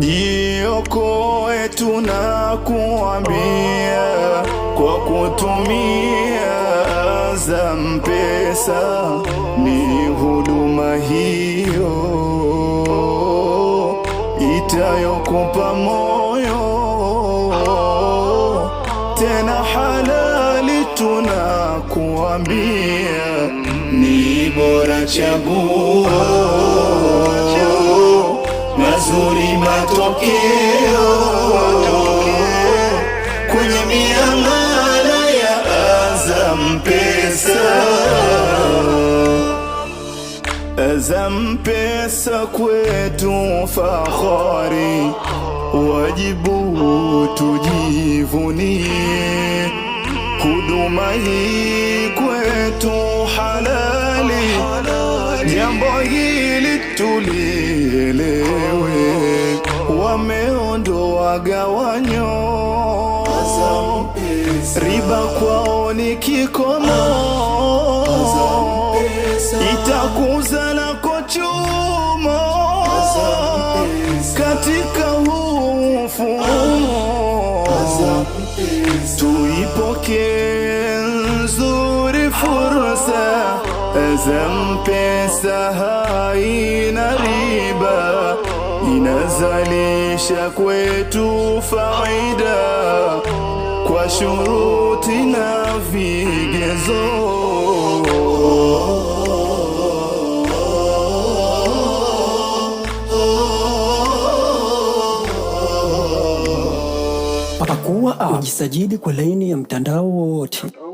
Jiokoe, tunakuambia kwa kutumia Azam Pesa, ni huduma hiyo itayokupa moyo tena halali, tunakuambia ni bora chaguo matokeo kwenye miamala ya Azam Pesa. Azam Pesa kwetu fahari, wajibu tujivunie. Huduma hii kwetu halali, jambo hili tulielewe wameondoa gawanyo, riba kwao ni kikomo, itakuza na kochumo katika huu mfumo, tuipokee nzuri fursa. Azam Pesa haina Zalisha kwetu faida kwa shuruti na vigezo. Pakua ah, kujisajili kwa laini ya mtandao wote.